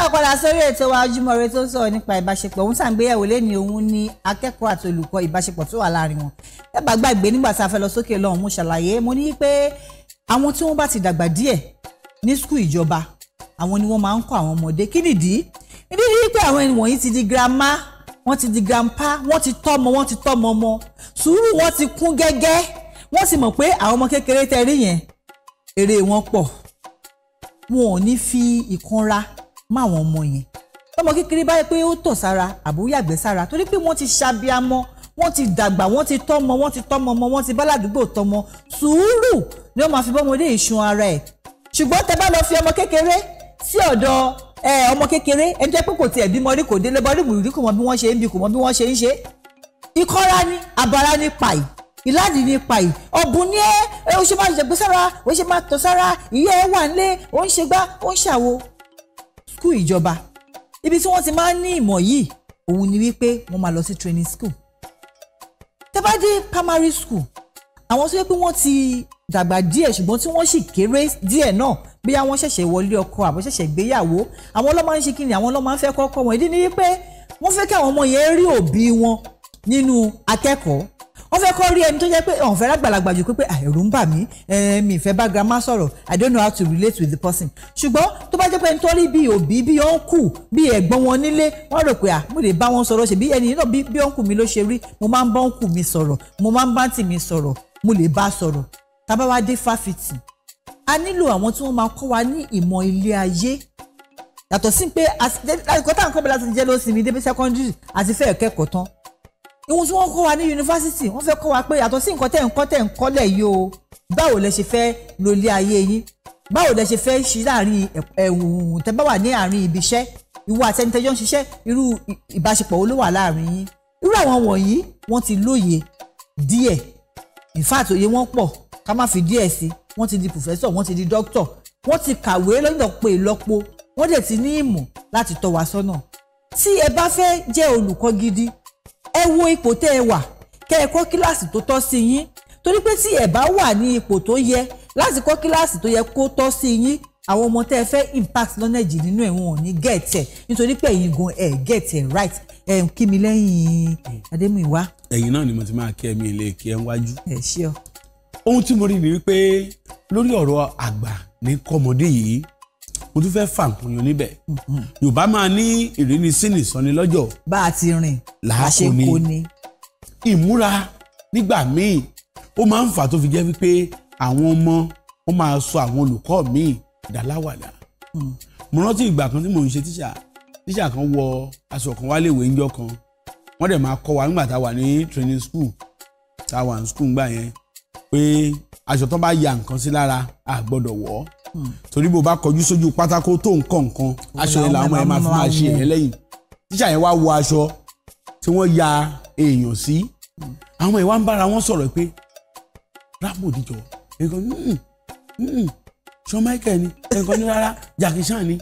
káwọn padà sórí ètò wa Ojúmọ́ Ire tó ń sọ̀rọ̀ nípa ìbáṣepọ̀ ohun tàǹgbéyẹ̀wò lẹ́ni òun ni akẹ́kọ̀ọ́ àti olùkọ́ ìbáṣepọ̀ tó wà láàrin wọn ẹ bá gbàgbé nígbà tá a fẹ́ lọ sókè lọ́hùn mo ṣàlàyé mo ní pé àwọn tí wọ́n bá ti dàgbà díẹ̀ ní skul ìjọba àwọn ni wọ́n máa ń kọ́ àwọn ọmọdé kí nìdí ìdí ni pé àwọn wọ̀nyí ti di grandma wọ́n ti di grandpa wọ́n ti tọ́mọ wọ́n ti tọ́mọ ọmọ sùúrù wọ́n ti kún gẹ́gẹ́ wọ́n sì mọ̀ pé àwọn ọmọ kékeré tẹ rí yẹn èrè wọn pọ̀ wọn ò ní fi ìkanra máwọn ọmọ yẹn tọmọ kékeré báyìí pé ó tọ̀ sára àbúyàgbẹ́ sára torí pé wọ́n ti ṣàbíamọ wọ́n ti dàgbà wọ́n ti tọ́mọ wọ́n ti tọ́mọ ọmọ wọ́n ti báládùúgbò tọ́mọ sùúrù ni wọ́n máa fi bọ́mọdé ìsun ara ẹ̀ ṣùgbọ́n tẹ bá lọ fi ọmọ kékeré sí ọ̀dọ̀ ọmọ kékeré ẹni tẹ́ pé kò tiẹ̀ bímọ rí kò délé bọ́ rí mùrùdí kò mọ bí wọ́n ṣe ń bí kò mọ bí wọ́n ṣe ń ṣe ìkọ́ra ni àbára ni pàì ìlàdì ní ipa yìí ọ̀bùn ni ẹ́ ó ṣe máa jẹ̀gbẹ́ sára ó ṣe máa tọ̀ sára ìyá ẹ wà nílé ó ń ṣe gbá ó ń ṣàwo school ìjọba ibi tí wọ́n ti máa ń ní ìmọ̀ yìí òun ni wípé wọ́n máa lọ sí training school tẹ́ bá dé primary school àwọn tó yẹ pé wọ́n ti dàgbà díẹ̀ ṣùgbọ́n tí wọ́n sì kéré díẹ̀ náà bóyá wọ́n ṣẹ̀ṣẹ̀ wọlé ọkọ àbọ̀ ṣẹ̀ṣẹ̀ gbéyàwó àwọn ló máa ń ṣe kí ni àwọn ló máa ń fẹ́ kọ́kọ́ wọn ìdí ni wípé wọ́n fẹ́ kí àwọn ọmọ yẹn rí òbí wọn nínú akẹ́kọ̀ọ́ wọ́n fẹ́ kọ́ rí ẹni tó jẹ́ pé ọ̀n fẹ́ lágbàlagbà jù pé ẹ̀rù ń bà mí mi ìfẹ́ bá grandma sọ̀rọ̀ i don't know how to relate with the person ṣùgbọ́n tó bá jẹ́ pé nítorí bí òbí bí uncle bí ẹ̀gbọ́n wọn nílé wọ́n rò pé à mo lè bá wọn sọ̀rọ̀ ṣe bí ẹni náà bí uncle mi ló ṣe rí mo máa ń bá uncle mi sọ̀rọ̀ mo máa ń bá tì mi sọ̀rọ̀ mo lè bá sọ̀rọ̀ tá fáfitì a nílò àwọn tí wọ́n máa kọ́ wa ní ìmọ̀ ilé ayé yàtọ̀ sí pé àsìkò táwọn kọ́ bẹ̀rẹ̀ láti jẹ́ lọ́sìn mi débi secondary àti fẹ́ẹ̀ kẹ́kọ̀ọ́ tán ohun tí wọ́n kọ́ wa ní yunifásitì wọ́n fẹ́ kọ́ wa pé yàtọ̀ sí nǹkan tẹ̀ ń kọ́ tẹ̀ ń kọ́lẹ̀ yìí o báwo lẹ ṣe fẹ́ lo ilé ayé yín báwo lẹ ṣe fẹ́ ṣe láàrin ẹ̀wùn tẹ bá wà ní àárín ibi iṣẹ́ ìwọ àtẹnitẹjọ́ ń ṣiṣẹ́ irú ìbáṣepọ̀ wo ló wà láàrin yín irú àwọn wọ̀nyí wọ́n ti lóye díẹ̀ in fact òye wọn pọ̀ ká má fi díẹ̀ sí wọ́n ti di professor wọ́n ti di doctor wọ́n ti kàwé lọ́pọ̀ ìlọ́po wọ́n dẹ̀ ti ní ìmọ̀ láti tọ́ wa sọ́nà tí ẹ bá fẹ́ jẹ́ olùkọ́ gidi ẹ wo ipò tẹ́ ẹ wà kẹ́ ẹ kọ́ kíláàsì tó tọ́ sí yín torí pé tí ẹ bá wà ní ipò tó yẹ láti kọ́ kíláàsì tó yẹ kó tọ́ sí yín àwọn ọmọ tẹ́ ẹ fẹ́ impact knowledge nínú ẹ̀ wọn ò ní get nítorí pé ẹ̀yin gan ẹ̀ get right ẹ̀ ń kí mi lẹ́yìn Adémúyìwá. ẹ̀yin náà ni mo ti máa kí ẹ̀mí ilé kí ẹ ń wájú. ẹ ṣé o. ohun tí mo rí ni wípé lórí ọ̀rọ̀ àgbà ní kọ́mọdé yìí o tún fẹ́ fà ń yan níbẹ̀ yorùbá máa ní ìrínisíni sọni lọ́jọ́. bá a ti rìn làákò ni ìmúra nígbà míì ó máa ń fà tó fi jẹ́ wípé àwọn ọmọ wọn máa sọ àwọn olùkọ́ míì dàláwàdà mo rántí ìgbà kan tí mò ń ṣe tíṣà tíṣà kan wọ aṣọ kan wálé ìwé ńjọ́ kan wọ́n dẹ̀ máa kọ́ wa nígbà tá a wà ní training school tá a wà ní school ńgbà yẹn pé aṣọ tó bá ya nǹkan sí lára a gbọ́dọ̀ wọ̀ ọ́ torí bó bá kọjú sójú pátákó tó nǹkan nǹkan aṣọ yẹn làwọn ẹ̀ máa fi máa ṣe ẹ̀ lẹ́yìn tíṣà yẹn wá wo aṣọ tí wọ́n ya èèyàn sí àwọn ẹ̀ wá ń bára wọn sọ̀rọ̀ pé rábò díjọ ẹ̀kan ní Shawn ni ẹ̀kan hmm, hmm, ní rárá Jackie Chan ni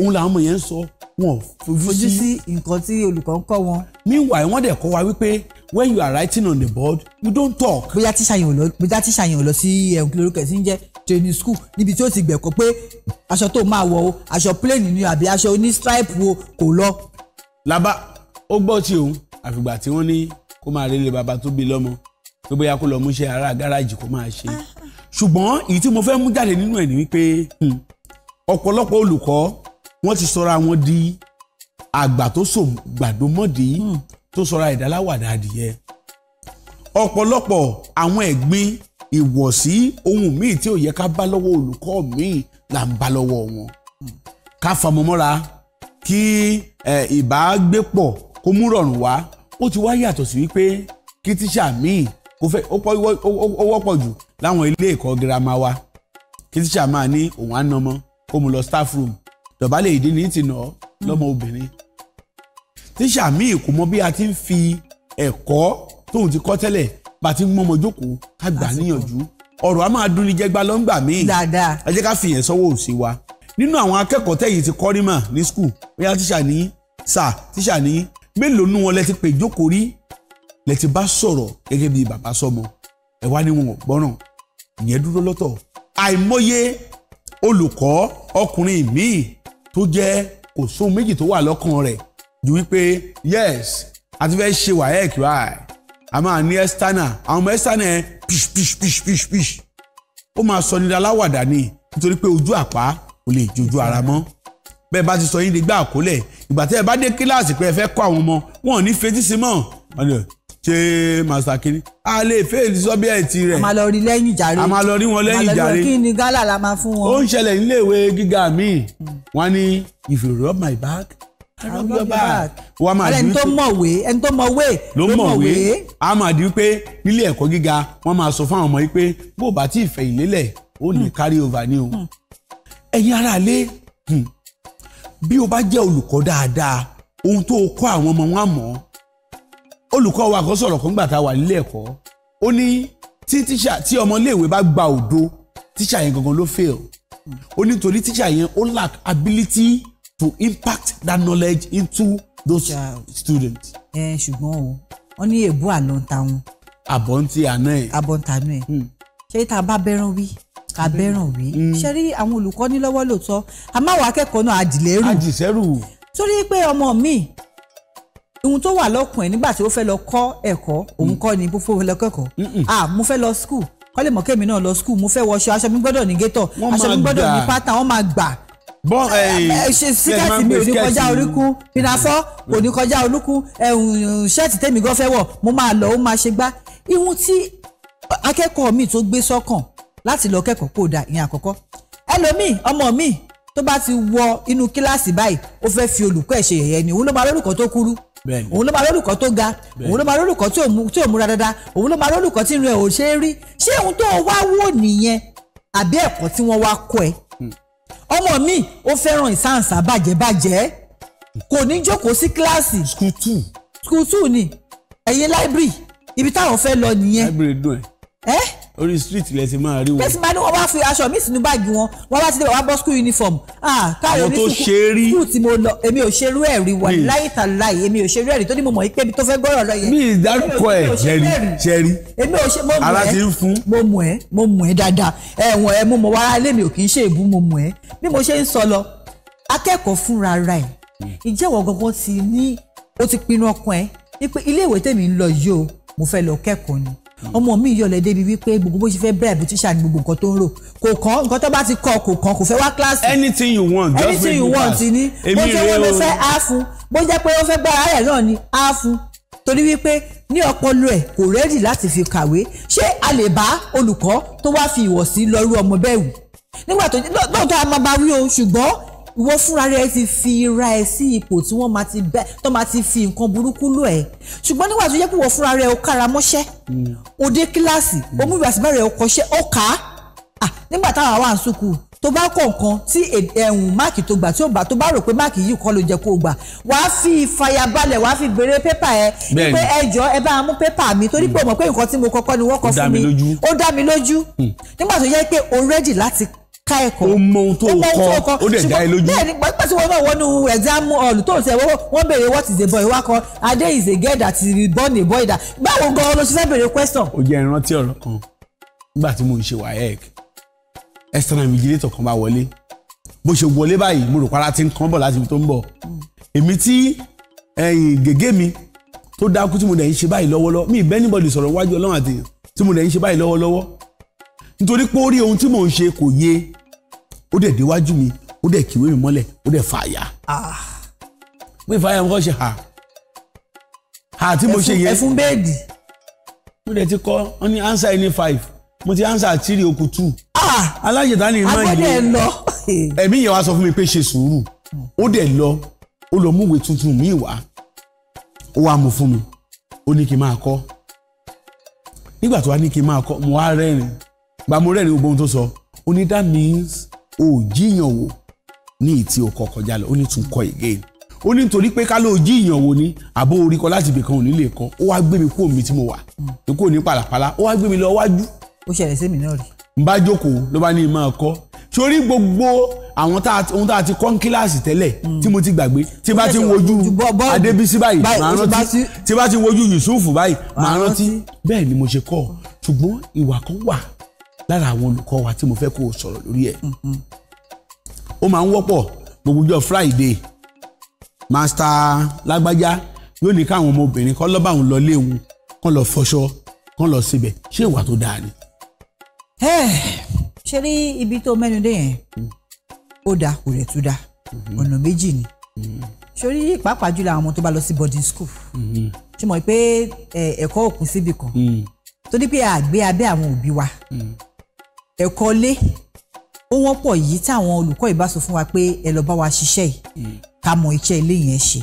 òun làwọn ọmọ yẹn ń sọ wọn fojú sí nǹkan tí olùkọ́ ń kọ́ wọn. meanwhile wọ́n dẹ̀ kọ́ wa wípé when you are writing on the board you don't talk. bóyá tíṣà yẹn ò lọ bóyá tíṣà yẹn ò lọ sí ẹ̀hún eh, kí lórúkọ sí ń jẹ́ training school níbi tí ó ti gbẹ̀kọ́ pé aṣọ tó máa wọ̀ o aṣọ plain ni àbí aṣọ oní stripe wo kò lọ. laba ó gbọ́ tí òun àfìgbà tí wọ́n ní kó máa relé baba tó bí lọ́mọ pé bóyá kó lọ mú iṣẹ́ ara gáràjì kó máa ṣe ah, ah. ṣùgbọ́n èyí tí mo fẹ́ mú jáde nínú ẹ̀ ni wípé hmm, ọ̀pọ̀lọpọ̀ olùkọ́ wọ́n ti sọra wọn di àgbà tó sò gbàdó mọ́dì hmm. tó sọra ìdáláwàdà adìyẹ ọ̀pọ̀lọpọ̀ àwọn ẹ̀gbin ìwọ̀sí ohun míì tí ò yẹ ká bá lọ́wọ́ olùkọ́ míì là ń bá lọ́wọ́ wọn. ká famọ́mọ́ra kí ìbágbépọ̀ kó mú rọ̀rùn wá ó ti wá yàtọ̀ sí wípé kí tíṣà míì kò fẹ́ ó wọ́pọ̀ jù láwọn ilé ẹ̀kọ́ girama wa kí tíṣà máa ní òun á nà ọmọ kó mu lọ staff room dọ̀bálẹ̀ ìdí ni ti nà ọ́ lọ́mọ obìnrin tíṣà míì kò mọ bí a ti ń fi ẹ̀kọ́ tóun ti kọ́ tẹ́lẹ̀ bàtí mọmọ jókòó ká gbà níyànjú ọ̀rọ̀ a máa dunni jẹgba lọ́ngbà míì dáadáa ẹ jẹ́ ká fi yẹn sọ́wọ́ òsì wa nínú àwọn akẹ́kọ̀ọ́ tẹ̀yìn ti kọ́ rímà ní skul bóyá tíṣà ní sà tíṣà ní mélòó nú wọn lẹ ti pè jókòó rí lẹ ti bá sọ̀rọ̀ gẹ́gẹ́ bí bàbá sọmọ ẹ wá ní wọn ò gbọ́ràn ìyẹn dúró lọ́tọ̀ àìmọye olùkọ́ ọkùnrin míì tó jẹ́ kò méjì tó wà lọ́kàn rẹ̀ ju wípé yes àti fẹ́ ṣe wàhálà ẹ̀kú àì a máa ní external àwọn ọmọ external yẹn pish pish pish pish pish ó máa sọ ní aláwàdà ni nítorí pé ojú àpá kò lè jojú ara mọ́ bẹ́ẹ̀ bá ti sọ yín nígbà àkólẹ̀ ìgbà tẹ́ ẹ bá dé kíláàsì pé ẹ fẹ́ kọ́ àwọn ọmọ wọn ò ní fetí sí mọ́ ṣe masakini a lè fẹ́ ìsọ́bíẹ̀tì rẹ̀. a máa lọ rí lẹ́yìn ìjàre. a máa lọ rí wọn lẹ́yìn ìjàre. kí ni gálà la máa fún wọn. ó ń ṣẹlẹ̀ níléèwé gíga mi hmm. wọ́n ní if you rub my back rub your back. wọ́n a máa di wípé ẹni tó mọ̀wé ẹni tó mọ̀wé ló mọ̀wé a máa di wípé nílé ẹ̀kọ́ gíga wọ́n máa sọ fún àwọn ọmọ yìí pé bó o bá tí ì fẹ̀yìn lélẹ̀ ó ní hmm. carry over ni o. Hmm. ẹ̀yin ará ilé hmm, bí o bá jẹ́ olùkọ́ dáadáa ohun tó o kọ́ àwọn ọmọ wọn mọ̀ olùkọ́ wa kan sọ̀rọ̀ kan gbà tá wà nílé ẹ̀kọ́ ó ní tí ọmọléèwé bá gba òdo tíṣà yẹn gangan ló fail ó nítorí tíṣà yẹn ó lack ability to impact that knowledge into those ja. students. ẹ ṣùgbọ́n o wọ́n ní èbú àlọ́ ń ta wọn. àbọ̀ ń ti àná ẹ̀. àbọ̀ ń ta àná ẹ̀. Hmm. ṣé tá a bá bẹ́ràn wí ká hmm. bẹ́ràn wí. Hmm. ṣe rí àwọn olùkọ́ ní lọ́wọ́ lóòótọ́ a máa wà akẹ́kọ̀ọ́ náà àjìlérù. àjìsẹ́rù. torí pé ọmọ mi ohun tó wà lọ́kùn ẹ̀ nígbà tí ó fẹ́ lọ kọ́ ẹ̀kọ́ òun kọ́ ni bó fẹ́ lọ kẹ́kọ̀ọ́ ah mo fẹ́ lọ school kọ́lé mọ̀kẹ́mi náà lọ school mo fẹ́ wọṣọ aṣọ mi gbọ́dọ̀ ní gétọ̀ aṣọ mi gbọ́dọ̀ ní pátá wọ́n máa gbà bọ́n síkàtì eh, eh, eh, mi ò ní kọjá orúkún pinafọ́ kò ní kọjá orúkún ṣẹ́ẹ̀tì tèmi gan fẹ́ wọ̀ mo máa lọ ó máa ṣe gbá ihun tí akẹ́kọ̀ọ́ mi tó gbé sọ́kàn láti lọ kẹ́kọ̀ọ́ kó dà ìyẹn àkọ́kọ́ ẹlòmíì ọmọ mi tó bá ti wọ inú kíláàsì báyìí ó fẹ́ fi olùkọ́ ẹ̀ ṣe yẹ̀yẹ́ ni òun ló máa lórúkọ tó kúrú òun ló máa lórúkọ tó ga òun ló máa lórúkọ tí ò múra dáadáa òun ló máa lórúkọ tí irun ẹ̀ ò ṣe é rí ṣé ohun tó wá wò nìyẹn àbí ẹ̀kọ́ tí wọ́n wá kọ́ ẹ ọmọ mi ó fẹ́ràn ìsáǹsà bàjẹ́bàjẹ́ kò ní jókòó sí kíláàsì. school two. school two ni ẹ̀yin library ibi táwọn fẹ́ lọ nìyẹn. library dùn ẹ̀. ẹ́ orí street lẹ ti máa rí wọn. pèsè máa ní wọn wá fi aṣọ mi sínú báàgì wọn wọn wá ti dé wọn wá school uniform. Ah, káyọ̀ ní sukuu tí mo lọ èmi ò ṣerú ẹ̀ rí wà láyé tà láyé èmi ò ṣerú ẹ̀ rí tó ní mo mọ̀ yí pé ibi tó fẹ́ gbọ́rọ̀ lọ yẹn. mi ìdárúkọ ẹ jẹrí jẹrí ara ti ń fún. mo mọ̀ ẹ́ mo mọ̀ ẹ́ dáadáa ẹ̀wọ̀n ẹ̀ mo mọ̀ wá ilé mi ò kì í ṣe èébú mo mọ̀ ẹ́ bí mo ṣe ń sọ lọ akẹ́kọ̀ọ́ fúnra ra ẹ̀ ìjẹ́wọ̀ gangan ti ní ọmọ mi yọlẹ̀ débi wípé gbogbo bó ṣe fẹ́ bribe tíṣà ni gbogbo nǹkan tó ń rò kò kàn nǹkan tó bá ti kọ kò kàn kò fẹ́ wá kíláàsì. anything you want just anything you want ni bó ṣe wọ́n ló fẹ́ á fún bó jẹ́ pé ó fẹ́ gbára rẹ̀ náà ni á fún torí wípé ní ọpọlọ ẹ̀ kò rẹ́dì láti fi kàwé ṣé a lè bá olùkọ́ tó wá fi ìwọ̀sí lọ́rú ọmọ bẹ́ẹ̀ wù nígbà tó lóòótọ́ a máa bá wí o ṣùgbọ́n ìwọ fúnra rẹ ti fi ra ẹ sí ipò tí wọ́n máa ti bẹ́ tó máa ti fi nǹkan burúkú lò ẹ́ ṣùgbọ́n nígbà tó yẹ kó ìwọ fúnra rẹ o kára mọ́ṣẹ́ hmm. o dé kíláàsì o mú ìwà síbẹ̀rẹ̀ o kọ́ṣẹ́ o kà á nígbà táwọn àwa ń sùkúù tó bá kọ̀ nǹkan tí ẹ̀hún máàkì tó gbà tí ó bá tó bá rò pé máàkì yìí kọ́ ló jẹ́ kó gbà wàá fi ìfàyàbalẹ̀ wàá fi béèrè pépà ẹ pé ẹ jọ ẹ bá mú pépà mi torí pé o mọ̀ pé nǹkan tí mo kọ́kọ́ ni wọ́n kọ fún mi ó dá mi lójú hmm. nígbà tó yẹ pé o rẹ́dì láti ka ẹ̀kọ́ o mọ ohun tó kọ ó dẹ̀ dá ẹ lójú. bẹ́ẹ̀ni pàṣípàṣí wọn náà wọnú exam hall tó ń sẹ wọn béèrè what is a boy wá kọ adé is a girl that is born a boy da báwo gan-an ló ṣe fẹ́ béèrè question. ó jẹ́ ìrántí ọ̀rọ̀ kan nígbà tí mo ń ṣe WAEC external invigilator kan bá wọlé bó ṣe wọlé báyìí mo rò para ti ń kàn bọ̀ láti ibi tó ń bọ̀ èmi tí gègé mi tó dákú tí mo dẹ̀ ń ṣe báyìí lọ́wọ́lọ́wọ́ mi ìbẹ́ anybody sọ̀rọ̀ wájú ọlọ́run àti tí mo dẹ̀ ń ṣe báyìí lọ́wọ́lọ́wọ́ nítorí pé ó rí ohun tí mò ń ṣe kò yé ó dẹ̀ déwájú mi ó dẹ̀ kíwé mi mọ́lẹ̀ ó dẹ̀ fàyà. Ah. mo ìfàyà mo kọ́ ṣe ha ha tí mo ṣe yẹn. ẹfun bẹ́ẹ̀dì. mo dẹ̀ ti kọ́ wọ́n ní answer ẹni five mo ti answer three okùn two. Ah! alájẹta ni iná yìí ẹ̀mí yẹn wá sọ fún mi pé ṣe sùúrù ó dẹ̀ lọ ó lọ múwèé tuntun mi wá ó wá mú fún mi ó ní kí n máa kọ́ nígbà tó wá ní kí n máa kọ́ mo wá rẹ́rìn-ín gbà gbogbo ohun tó sọ ó ní that means ò jíyàn wò ní ìtì òkọ kọjá lọ ó ní tún kọ again ó ní nítorí pé ká ló jíyàn wò ní àbó orí kọ láti ibìkan òní lè kan ó wá gbé mi kúrò mi tí mo wà ní kúrò ní pàlàpàlà ó wá gbé mi lọ wájú. ó ṣẹlẹ̀ sí mi náà rí. n bá jókòó ló bá ní ìmọ̀ ọkọ sórí gbogbo àwọn ohun tá a ti kọ́ ní kíláàsì tẹ́lẹ̀ tí mo ti gbàgbé tí bá ti wojú adébísí báyìí màá rántí tí bá ti wojú yusuf báyìí màá rántí bẹ́ẹ̀ ni mo ṣe kọ́ ṣùgbọ́n ìwà kan wà lára àwọn olùkọ́ wa tí mo fẹ́ kó o sọ̀rọ̀ lórí ẹ̀ ó máa ń wọ́pọ̀ gbogbo ọjọ́ Friday master lágbájá yóò ní káwọn ọmọbìnrin kan lọ́ bá òun lọ léwu kán lọ fọṣọ kán lọ síbẹ̀ ṣé ìwà tó dáa ni. ṣé rí ibi tó mẹ́nu dé yẹn ó dáa kò rẹ̀ tún dáa ọ̀nà méjì ni sórí pàápàá jùlọ àwọn ọmọ tó bá lọ sí boarding school tí mo pé ẹ̀kọ́ òkun síbi kan hmm. tó ní pé àgbé abẹ́ àwọn òbí wa hmm ẹ̀kọ́ lé ó wọ́pọ̀ yìí táwọn olùkọ́ ìbá sọ fún wa pé ẹ lọ bá wa ṣiṣẹ́ yìí ká mọ iṣẹ́ ilé yẹn ṣe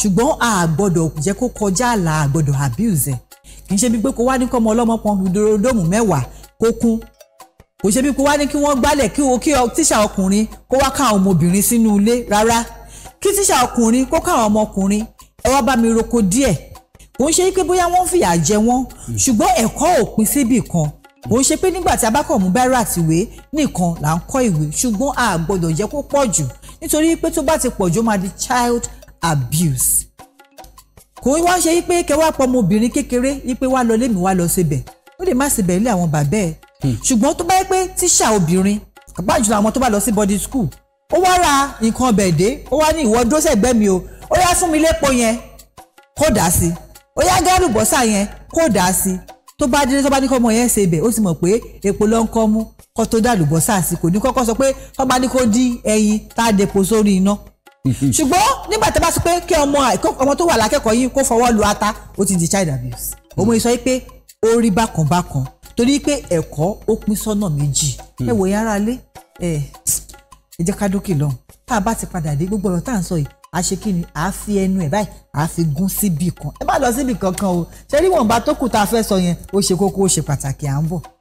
ṣùgbọ́n a gbọ́dọ̀ kó kọjá àlà a abuse ẹ̀ kì í ṣe bí pé kó wá ní kọ́mọ ọlọ́mọ pọn dòdòdòmù mẹ́wàá kó kún kò ṣe bí kó wá ní kí wọ́n gbálẹ̀ kí o kí tíṣà ọkùnrin kó wá ká àwọn ọmọbìnrin sínú ilé rárá kí tíṣà ọkùnrin kó ká àwọn ọmọkùnrin ẹ wá bá mi roko díẹ̀ kò ń ṣe pé bóyá wọ́n fìyà jẹ wọ́n hmm. ṣùgbọ́n ẹ̀kọ́ òpin síbì kan kò ń ṣe pé nígbà tí a bá kàn mú báírò àtìwé nìkan là ń kọ́ ìwé ṣùgbọ́n a gbọ́dọ̀ jẹ́ kó pọ̀ jù nítorí pé tó bá ti pọ̀ jù ó máa di child abuse kò wá ṣe wípé kẹwàá pọ̀ ọmọbìnrin kékeré wípé wá lọ lémi wá lọ síbẹ̀ ó lè má síbẹ̀ ilé àwọn bàbá ẹ̀ hmm. ṣùgbọ́n tó bá yẹ pé tíṣà obìnrin àgbájùlọ àwọn tó bá lọ sí body school ó wá ra nǹkan ọbẹ̀ dé ó wá ní ìwọ dúró sẹ́gbẹ́ tó bá délé tó bá ní kọ́ ọmọ yẹn ṣe ibẹ̀ ó sì mọ̀ pé epo ló ń kọ́ mú kó tó dà lùbọ́sà àsìkò ní kọ́kọ́ sọ pé tó bá ní kó dín ẹyin tá a depo sórí iná ṣùgbọ́n nígbà tí a bá sọ pé kí ọmọ ọmọ tó wà lákẹ́kọ̀ọ́ yìí kó fọwọ́ lu ata ó ti di child abuse ọmọ hmm. yìí sọ pé ó rí bákan bákan torí pé ẹ̀kọ́ ó pín sọ́nà méjì hmm. ẹ wòye ara lé ẹ ẹ jẹ́ ká dókè lọ́hùn tá a bá ti padà dé gbogbo ọ̀rọ̀ tá à ń sọ yìí a ṣe kí ni a fi ẹnu ẹ báyìí a fi gún síbì kan ẹ bá lọ síbì kankan o ṣe rí wọ̀nba tó kù tá a fẹ́ sọ yẹn ó ṣe kókó ó ṣe pàtàkì à ń bọ̀.